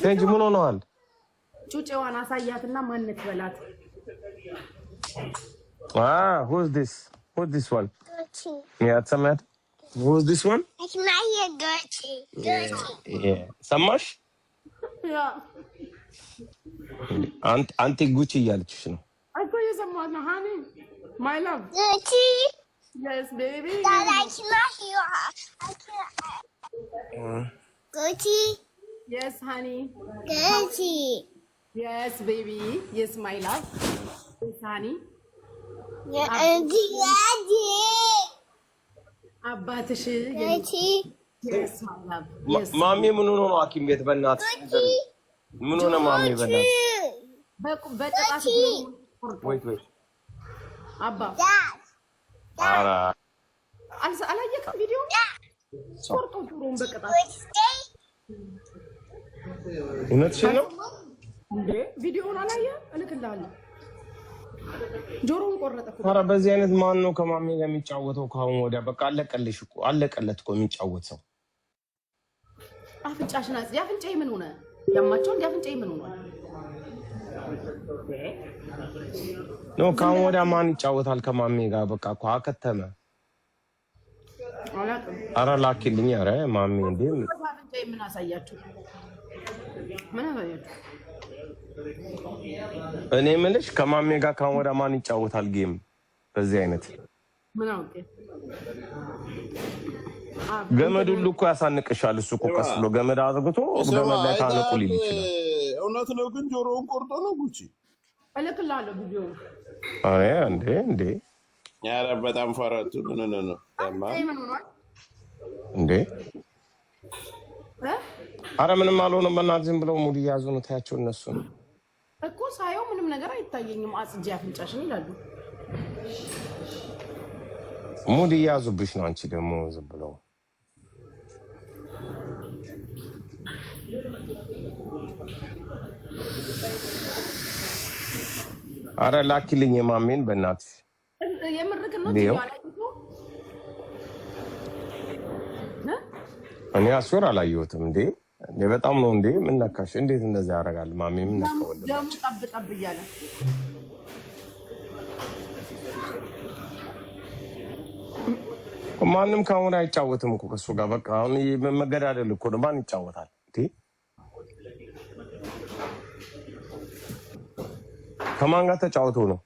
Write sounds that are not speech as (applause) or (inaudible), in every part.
ቴንጅ ምን ሆነዋል? ጩጬዋን አሳያትና ማነት በላት። አትሰማያት? ሰማሽ? አንቴ ጉቺ እያለችሽ ነው እኮ እየሰማሁት ነው። ሃኒ ማይ ላቭ Gucci. Yes, honey. Gucci. Yes, baby. Yes, my love. Yes, honey. Yeah, I'm and አባትሽ ማሜ ምን ሆኖ ነው ሐኪም ቤት በእናትህ? ምን ሆነ ማሜ በእናትህ? በጥቃት አባ አላየክም ቪዲዮ ቆርጦ ጆሮውን በቅጣት እውነትሽን ነው እንዴ? ቪዲዮውን አላየህም? እልክልሃለሁ። ጆሮውን ቆረጠ። ኧረ በዚህ አይነት ማን ነው ከማሜ ጋር የሚጫወተው? ከአሁን ወዲያ በቃ አለቀልሽ እኮ አለቀለት እኮ የሚጫወት ሰው። አፍንጫሽን አጽጂ። አፍንጫዬ ምን ሆነ? ያማቸው እንዲ አፍንጫዬ ምን ሆኗል? ኖ ከአሁን ወዲያ ማን ይጫወታል ከማሜ ጋር? በቃ እኮ አከተመ አረ ላኪልኝ። አረ ማሚ እንዴ ምን አሳያችሁ? ምን አሳያችሁ? እኔ ምልሽ ከማሜ ጋር ካሁን ወደ ማን ይጫወታል ጌም በዚህ አይነት ገመድ ሁሉ እኮ ያሳንቅሻል። እሱ እኮ ቀስ ብሎ ገመድ አድርግቶ ገመድ ላይ ሊል ይችላል። እውነት ነው ግን ጆሮውን ቆርጦ ነው ጉቺ እልክልሃለሁ ቪዲዮ እንዴ እንዴ ኧረ በጣም ፈረቱ እንዴ? አረ ምንም አልሆነም። በእናትህ ዝም ብለው ሙድ እያያዙ ነው። ታያቸው እነሱ ነው እኮ ሳየው ምንም ነገር አይታየኝም። አጽጃ አፍንጫሽን ይላሉ። ሙድ እያያዙብሽ ነው። አንቺ ደግሞ ዝም ብለው አረ ላኪልኝ የማሜን በእናትህ እኔ አስር አላየሁትም። እንዴ እኔ በጣም ነው እንዴ የምነካሽ? እንዴት እንደዚህ ያደርጋል? ማሜ የምነካው እያለ ማንም ከአሁን አይጫወትም እኮ ከሱ ጋር በቃ አሁን መገዳደል እኮ ነው። ማን ይጫወታል? ከማን ጋር ተጫውቶ ነው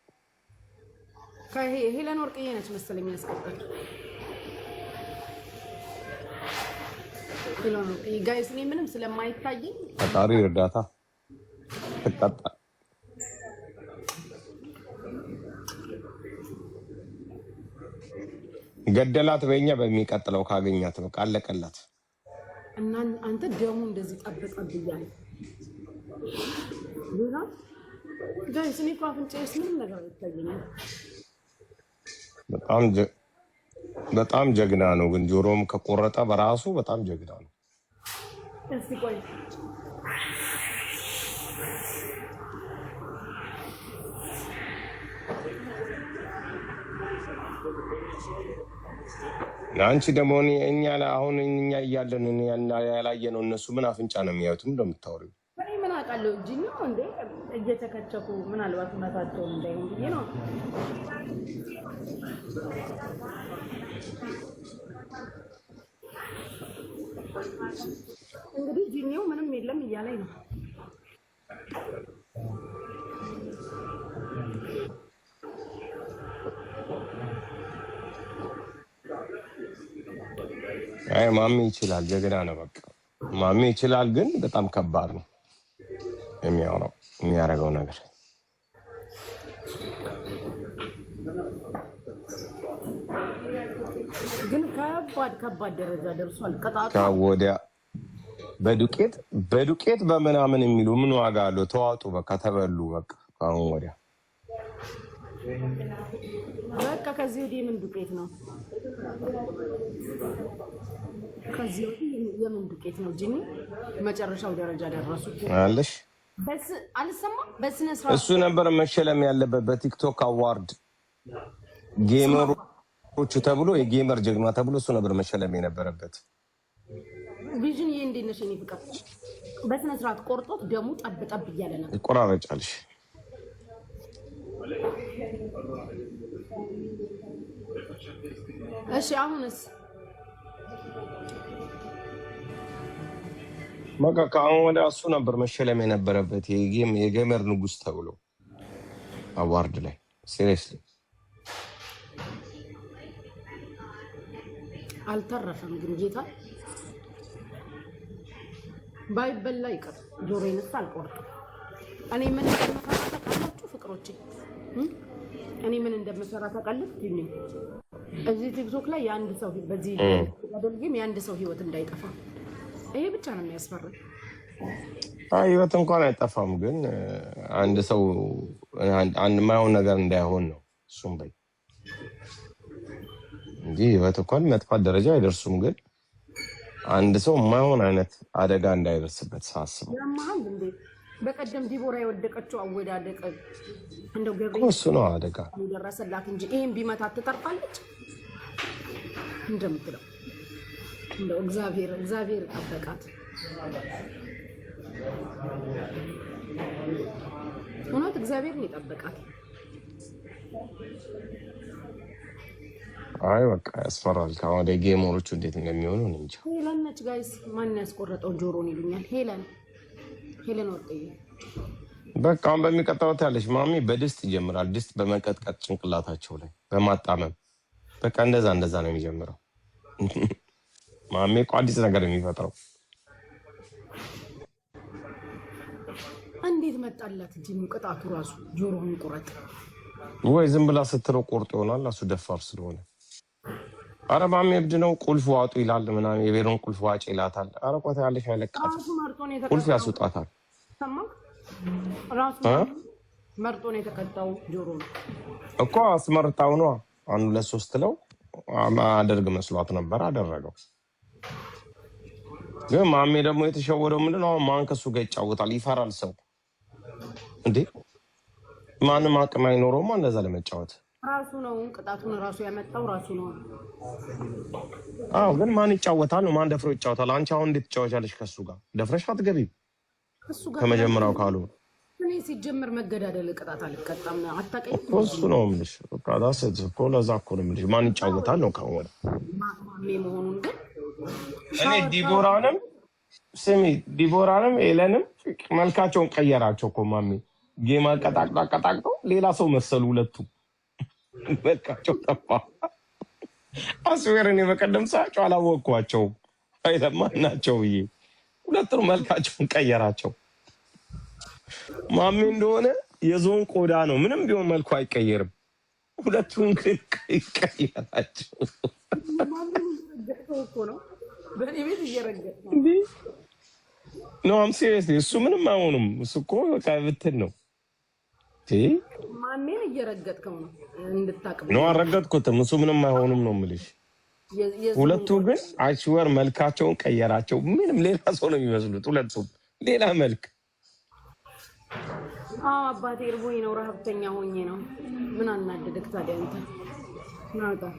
ሄለን ወርቅዬ ነች መሰለኝ ያስገባል። ጋይስ፣ እኔ ምንም ስለማይታየኝ ፈጣሪ እርዳታ ትቀጣ ገደላት በኛ በሚቀጥለው ካገኛት በቃ አለቀላት። እና አንተ ደሙ እንደዚህ ጠበጠብ እያለ ጋይስ፣ እኔ እኮ አፍንጫዬስ ምንም ነገር አይታየኝም። በጣም ጀግና ነው። ግን ጆሮም ከቆረጠ በራሱ በጣም ጀግና ነው። አንቺ ደግሞ እኛ አሁን እኛ እያለን ያላየ ነው። እነሱ ምን አፍንጫ ነው የሚያዩትም እንደምታወሪ ምን አውቃለሁ እንጂ ነው እየተከቸኩ ምናልባት እውነታቸውን እንዳይሆን ብዬ ነው። እንግዲህ ጂኒው ምንም የለም እያለኝ ነው። አይ ማሚ ይችላል፣ ጀግና ነው። በቃ ማሚ ይችላል፣ ግን በጣም ከባድ ነው የሚያወራው የሚያደርገው ነገር ግን ከባድ ከባድ ደረጃ ደርሷል። በዱቄት በዱቄት በምናምን የሚሉ ምን ዋጋ አለው? ተዋጡ በቃ ተበሉ በቃ አሁን ወዲያ በቃ ከዚህ ወዲህ የምን ዱቄት ነው? ከዚህ ወዲህ የምን ዱቄት ነው? ጂኒ መጨረሻው ደረጃ ደረሱ አለሽ እሱ ነበር መሸለም ያለበት በቲክቶክ አዋርድ ጌመሮቹ ተብሎ የጌመር ጀግና ተብሎ እሱ ነበር መሸለም የነበረበት። ቪዥን ይህ እንዴት ነሽ? እኔ ፍቅር በስነ ስርዓት ቆርጦት ደሙ ጠብ ጠብ እያለ ነው። ይቆራረጫልሽ። እሺ አሁንስ በቃ ከአሁን ወደ እሱ ነበር መሸለም የነበረበት የገመር ንጉስ ተብሎ አዋርድ ላይ ሲሪየስሊ አልተረፈም። ግን ጌታ ባይበላ ይቀር ጆሮዬንስ አልቆርጥም። እኔ ምን እንደምሰራ ታውቃላችሁ ፍቅሮቼ፣ እኔ ምን እንደምሰራ ታውቃላችሁ። እዚህ ቲክቶክ ላይ የአንድ ሰው በዚህ ያደልጌም የአንድ ሰው ህይወት እንዳይጠፋ ይሄ ብቻ ነው የሚያስፈራኝ። ህይወት እንኳን አይጠፋም፣ ግን አንድ ሰው አንድ ማይሆን ነገር እንዳይሆን ነው። እሱም በይ እንጂ ህይወት እንኳን መጥፋት ደረጃ አይደርሱም፣ ግን አንድ ሰው የማይሆን አይነት አደጋ እንዳይደርስበት ሳስብ ያመሀል እንዴ በቀደም ዲቦራ የወደቀችው አወዳደቅ እንደው ገብሬ እሱ ነው አደጋ ደረሰላት እንጂ ይህም ቢመታት ትጠርፋለች እንደምትለው እንደው እግዚአብሔር እግዚአብሔር ጠበቃት። እውነት እግዚአብሔር ነው የጠበቃት። አይ በቃ ያስፈራል። ከአሁን ወደ ጌሞሮቹ እንዴት እንደሚሆኑ እኔ ሄለን ነች ጋይስ። ማን ያስቆረጠውን ጆሮን ይሉኛል። ሄለን ሄለን ወርቅዬ በቃ አሁን በሚቀጥለው ያለች ማሚ በድስት ይጀምራል። ድስት በመቀጥቀጥ ጭንቅላታቸው ላይ በማጣመም በቃ እንደዛ እንደዛ ነው የሚጀምረው። ማሜ እኮ አዲስ ነገር የሚፈጥረው እንዴት መጣላት እንጂ ቅጣቱ ራሱ ጆሮን ቁረጥ ወይ ዝም ብላ ስትለው ቆርጦ ይሆናል። እሱ ደፋር ስለሆነ አረ ማሜ እብድ ነው። ቁልፍ ዋጡ ይላል ምናምን፣ የቤሮን ቁልፍ ዋጭ ይላታል። አረ ቆታ ያለሽ ያለቃት ቁልፍ ያስወጣታል። መርጦ ነው የተቀጣው። ጆሮ እኮ አስመርጣው ነው አንዱ ለሶስት ለው አደርግ መስሏት ነበር አደረገው። ግን ማሜ ደግሞ የተሸወደው ምንድን ነው? ማን ከሱ ጋር ይጫወታል? ይፈራል ሰው እንዴ! ማንም አቅም አይኖረውም እንደዛ ለመጫወት ራሱ ነው ቅጣቱን ራሱ ያመጣው ራሱ ነው። አዎ፣ ግን ማን ይጫወታል ነው? ማን ደፍሮ ይጫወታል? አንቺ አሁን እንዴት ትጫወቻለሽ? ከሱ ጋር ደፍረሽ አትገቢም ከመጀመሪያው ካሉ እኔ ሲጀምር መገዳደል ቅጣት አልቀጣም። አታቀኝ እኮ እሱ ነው የምልሽ። በቃ ዳስት እኮ ለዛ እኮ ነው የምልሽ። ማን ይጫወታል ነው ከሆነ ማሜ መሆኑን ግን እኔ ዲቦራንም ስሚ ዲቦራንም ኤለንም መልካቸውን ቀየራቸው እኮ ማሚ ጌማ ቀጣቅጦ አቀጣቅጦ ሌላ ሰው መሰሉ ሁለቱ መልካቸው ጠፋ። አስዌር እኔ በቀደም ሳያቸው አላወቅኳቸውም። አይለማ ናቸው ብዬ ሁለቱ መልካቸውን ቀየራቸው። ማሚ እንደሆነ የዞን ቆዳ ነው፣ ምንም ቢሆን መልኩ አይቀየርም። ሁለቱን ግን (laughs) ቀየራቸው። እኮ ነው በእኔ ቤት እየረገጥ ኖ አም ሲሪየስ እሱ ምንም አይሆኑም። እሱ እኮ በቃ ብትን ነው ማሜን እየረገጥከው ነው እንድታቅም ነው። አልረገጥኩትም። እሱ ምንም አይሆኑም ነው የምልሽ። ሁለቱ ግን አሽወር መልካቸውን ቀየራቸው። ምንም ሌላ ሰው ነው የሚመስሉት ሁለቱም ሌላ መልክ። አባቴ እርቦኝ ነው ረሀብተኛ ሆኜ ነው። ምን አናደደግ ታዲያ አንተ